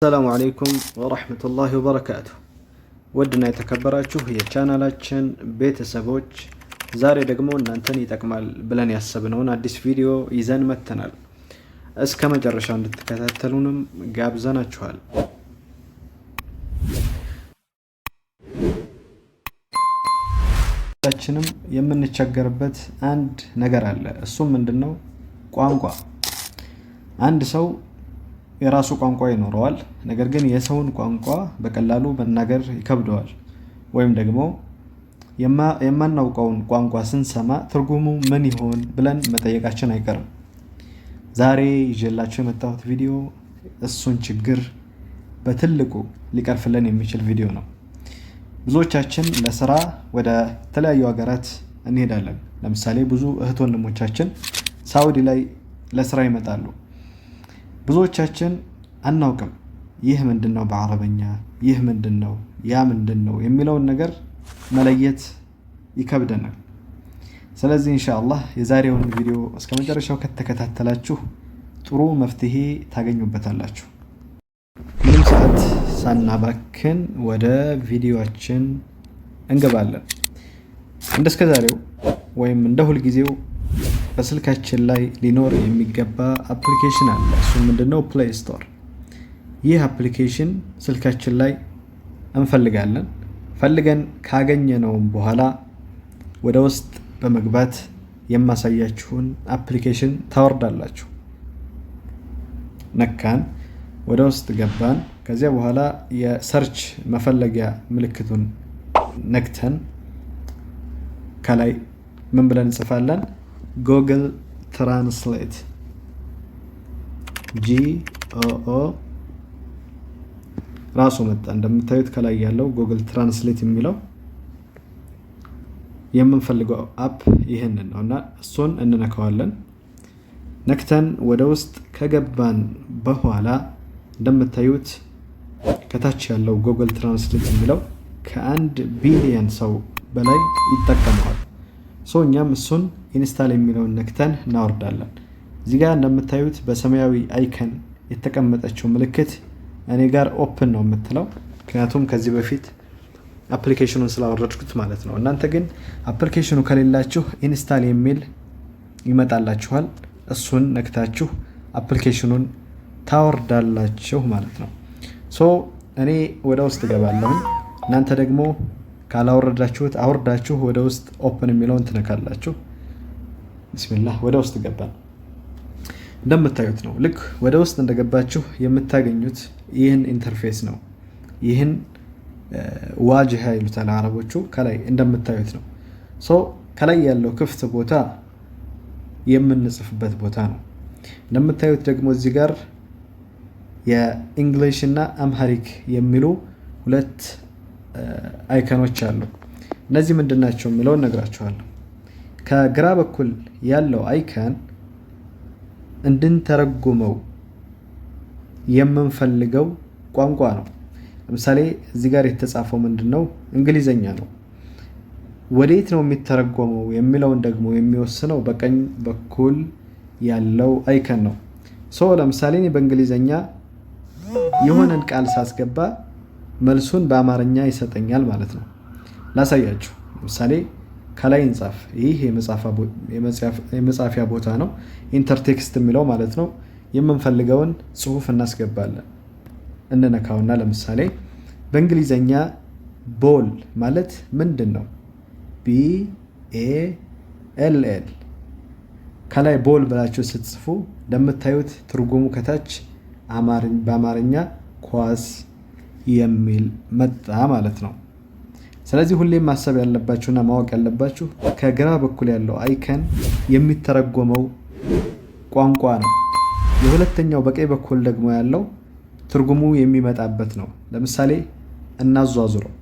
አሰላሙ አሌይኩም ወረህመቱላሂ ወበረካቱ። ውድና የተከበራችሁ የቻናላችን ቤተሰቦች ዛሬ ደግሞ እናንተን ይጠቅማል ብለን ያሰብነውን አዲስ ቪዲዮ ይዘን መጥተናል። እስከ መጨረሻው እንድትከታተሉንም ጋብዘናችኋል። ሁላችንም የምንቸገርበት አንድ ነገር አለ። እሱም ምንድን ነው? ቋንቋ አንድ ሰው የራሱ ቋንቋ ይኖረዋል። ነገር ግን የሰውን ቋንቋ በቀላሉ መናገር ይከብደዋል። ወይም ደግሞ የማናውቀውን ቋንቋ ስንሰማ ትርጉሙ ምን ይሆን ብለን መጠየቃችን አይቀርም። ዛሬ ይዤላችሁ የመጣሁት ቪዲዮ እሱን ችግር በትልቁ ሊቀርፍልን የሚችል ቪዲዮ ነው። ብዙዎቻችን ለስራ ወደ ተለያዩ ሀገራት እንሄዳለን። ለምሳሌ ብዙ እህት ወንድሞቻችን ሳውዲ ላይ ለስራ ይመጣሉ። ብዙዎቻችን አናውቅም። ይህ ምንድን ነው በአረበኛ ይህ ምንድን ነው ያ ምንድን ነው የሚለውን ነገር መለየት ይከብደናል። ስለዚህ እንሻአላህ የዛሬውን ቪዲዮ እስከ መጨረሻው ከተከታተላችሁ ጥሩ መፍትሄ ታገኙበታላችሁ። ምንም ሰዓት ሳናባክን ወደ ቪዲዮችን እንገባለን። ዛሬው ወይም እንደ ሁልጊዜው በስልካችን ላይ ሊኖር የሚገባ አፕሊኬሽን አለ። እሱ ምንድነው? ፕሌይ ስቶር። ይህ አፕሊኬሽን ስልካችን ላይ እንፈልጋለን። ፈልገን ካገኘነውም በኋላ ወደ ውስጥ በመግባት የማሳያችሁን አፕሊኬሽን ታወርዳላችሁ። ነካን፣ ወደ ውስጥ ገባን። ከዚያ በኋላ የሰርች መፈለጊያ ምልክቱን ነክተን ከላይ ምን ብለን እንጽፋለን? ጎግል ትራንስሌት ጂኦኦ ራሱ መጣ። እንደምታዩት ከላይ ያለው ጎግል ትራንስሌት የሚለው የምንፈልገው አፕ ይህንን ነው እና እሱን እንነካዋለን። ነክተን ወደ ውስጥ ከገባን በኋላ እንደምታዩት ከታች ያለው ጎግል ትራንስሌት የሚለው ከአንድ ቢሊየን ሰው በላይ ይጠቀመዋል። እኛም እሱን ኢንስታል የሚለውን ነክተን እናወርዳለን። እዚህ ጋር እንደምታዩት በሰማያዊ አይከን የተቀመጠችው ምልክት እኔ ጋር ኦፕን ነው የምትለው ምክንያቱም ከዚህ በፊት አፕሊኬሽኑን ስላወረድኩት ማለት ነው። እናንተ ግን አፕሊኬሽኑ ከሌላችሁ ኢንስታል የሚል ይመጣላችኋል። እሱን ነክታችሁ አፕሊኬሽኑን ታወርዳላችሁ ማለት ነው። ሶ እኔ ወደ ውስጥ እገባለሁ። እናንተ ደግሞ ካላወረዳችሁት አውርዳችሁ ወደ ውስጥ ኦፕን የሚለውን ትነካላችሁ። ቢስሚላህ ወደ ውስጥ ገባን። እንደምታዩት ነው። ልክ ወደ ውስጥ እንደገባችሁ የምታገኙት ይህን ኢንተርፌስ ነው። ይህን ዋጅሃ ይሉታል አረቦቹ። ከላይ እንደምታዩት ነው። ሰው ከላይ ያለው ክፍት ቦታ የምንጽፍበት ቦታ ነው። እንደምታዩት ደግሞ እዚህ ጋር የኢንግሊሽ እና አምሃሪክ የሚሉ ሁለት አይከኖች አሉ። እነዚህ ምንድን ናቸው የሚለውን ነግራችኋለሁ። ከግራ በኩል ያለው አይከን እንድንተረጉመው የምንፈልገው ቋንቋ ነው። ለምሳሌ እዚህ ጋር የተጻፈው ምንድን ነው? እንግሊዘኛ ነው። ወዴት ነው የሚተረጎመው የሚለውን ደግሞ የሚወስነው በቀኝ በኩል ያለው አይከን ነው። ሶ ለምሳሌ እኔ በእንግሊዘኛ የሆነን ቃል ሳስገባ መልሱን በአማርኛ ይሰጠኛል ማለት ነው። ላሳያችሁ። ለምሳሌ ከላይ እንጻፍ። ይህ የመጻፊያ ቦታ ነው፣ ኢንተርቴክስት የሚለው ማለት ነው። የምንፈልገውን ጽሁፍ እናስገባለን። እንነካውና ለምሳሌ በእንግሊዘኛ ቦል ማለት ምንድን ነው? ቢ ኤ ኤል ኤል። ከላይ ቦል ብላችሁ ስትጽፉ እንደምታዩት ትርጉሙ ከታች በአማርኛ ኳስ የሚል መጣ ማለት ነው። ስለዚህ ሁሌም ማሰብ ያለባችሁና ማወቅ ያለባችሁ ከግራ በኩል ያለው አይከን የሚተረጎመው ቋንቋ ነው። የሁለተኛው በቀኝ በኩል ደግሞ ያለው ትርጉሙ የሚመጣበት ነው። ለምሳሌ እናዟዙረው።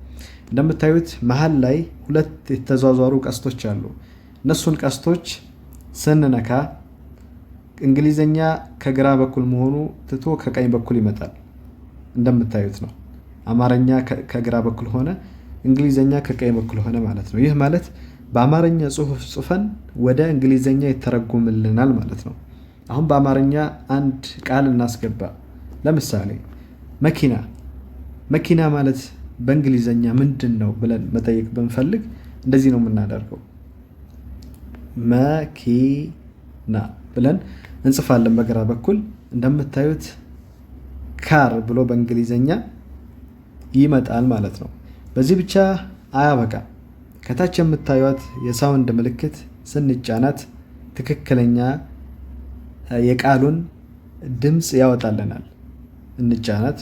እንደምታዩት መሀል ላይ ሁለት የተዟዟሩ ቀስቶች አሉ። እነሱን ቀስቶች ስንነካ እንግሊዘኛ ከግራ በኩል መሆኑ ትቶ ከቀኝ በኩል ይመጣል። እንደምታዩት ነው። አማርኛ ከግራ በኩል ሆነ። እንግሊዘኛ ከቀኝ በኩል ሆነ ማለት ነው። ይህ ማለት በአማርኛ ጽሁፍ ጽፈን ወደ እንግሊዘኛ ይተረጉምልናል ማለት ነው። አሁን በአማርኛ አንድ ቃል እናስገባ። ለምሳሌ መኪና። መኪና ማለት በእንግሊዘኛ ምንድን ነው ብለን መጠየቅ ብንፈልግ እንደዚህ ነው የምናደርገው። መኪና ብለን እንጽፋለን። በግራ በኩል እንደምታዩት ካር ብሎ በእንግሊዘኛ ይመጣል ማለት ነው። በዚህ ብቻ አያበቃም። ከታች የምታዩት የሳውንድ ምልክት ስንጫናት ትክክለኛ የቃሉን ድምፅ ያወጣልናል። እንጫናት።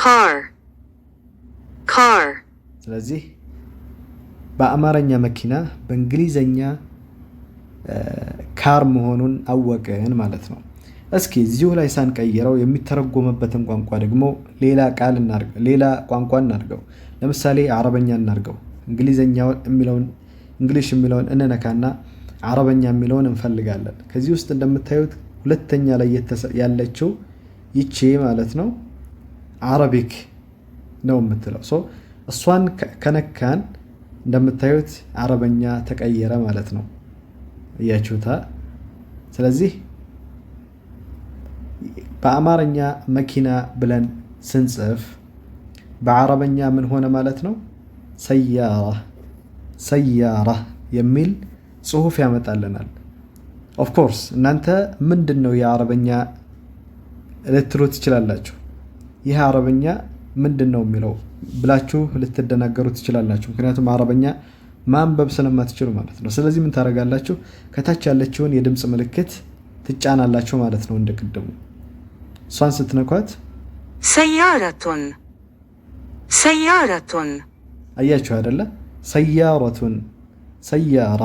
ካር ካር። ስለዚህ በአማርኛ መኪና፣ በእንግሊዘኛ ካር መሆኑን አወቅን ማለት ነው። እስኪ እዚሁ ላይ ሳንቀይረው የሚተረጎምበትን ቋንቋ ደግሞ ሌላ ቃል ሌላ ቋንቋ እናርገው። ለምሳሌ አረበኛ እናርገው። እንግሊዘኛ የሚለውን እንግሊሽ የሚለውን እንነካና አረበኛ የሚለውን እንፈልጋለን። ከዚህ ውስጥ እንደምታዩት ሁለተኛ ላይ ያለችው ይቺ ማለት ነው አረቢክ ነው የምትለው። እሷን ከነካን እንደምታዩት አረበኛ ተቀየረ ማለት ነው። እያችሁታ። ስለዚህ በአማርኛ መኪና ብለን ስንጽፍ በአረበኛ ምን ሆነ ማለት ነው? ሰያራ ሰያራ የሚል ጽሁፍ ያመጣልናል። ኦፍኮርስ እናንተ ምንድን ነው የአረበኛ ልትሉ ትችላላችሁ። ይህ አረበኛ ምንድን ነው የሚለው ብላችሁ ልትደናገሩ ትችላላችሁ። ምክንያቱም አረበኛ ማንበብ ስለማትችሉ ማለት ነው። ስለዚህ ምን ታደርጋላችሁ? ከታች ያለችውን የድምፅ ምልክት ትጫናላችሁ ማለት ነው። እንደቅድሙ እሷን ስትነኳት ሰያረቱን ሰያረቱን አያችሁ አይደለ? ሰያረቱን ሰያራ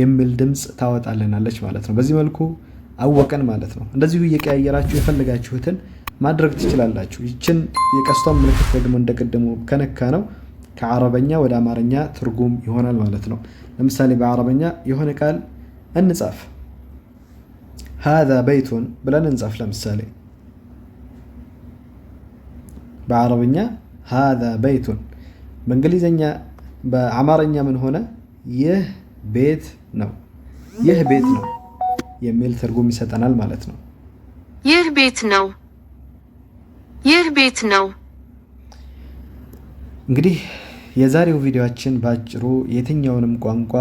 የሚል ድምፅ ታወጣልናለች ማለት ነው። በዚህ መልኩ አወቀን ማለት ነው። እንደዚሁ እየቀያየራችሁ የፈለጋችሁትን ማድረግ ትችላላችሁ። ይችን የቀስቷን ምልክት ደግሞ እንደቀደሙ ከነካ ነው ከአረበኛ ወደ አማርኛ ትርጉም ይሆናል ማለት ነው። ለምሳሌ በአረበኛ የሆነ ቃል እንጻፍ፣ ሃዛ በይቱን ብለን እንጻፍ ለምሳሌ በአረብኛ ሃዛ በይቱን፣ በእንግሊዝኛ በአማርኛ ምን ሆነ? ይህ ቤት ነው፣ ይህ ቤት ነው የሚል ትርጉም ይሰጠናል ማለት ነው። ይህ ቤት ነው፣ ይህ ቤት ነው። እንግዲህ የዛሬው ቪዲዮችን በአጭሩ የትኛውንም ቋንቋ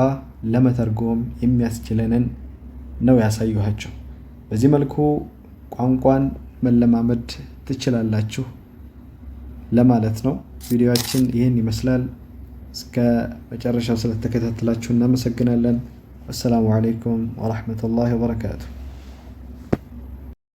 ለመተርጎም የሚያስችለንን ነው ያሳየኋችሁ። በዚህ መልኩ ቋንቋን መለማመድ ትችላላችሁ። ለማለት ነው። ቪዲዮችን ይህን ይመስላል። እስከ መጨረሻው ስለተከታተላችሁ እናመሰግናለን። አሰላሙ አለይኩም ወረሕመቱላሂ ወበረካቱ።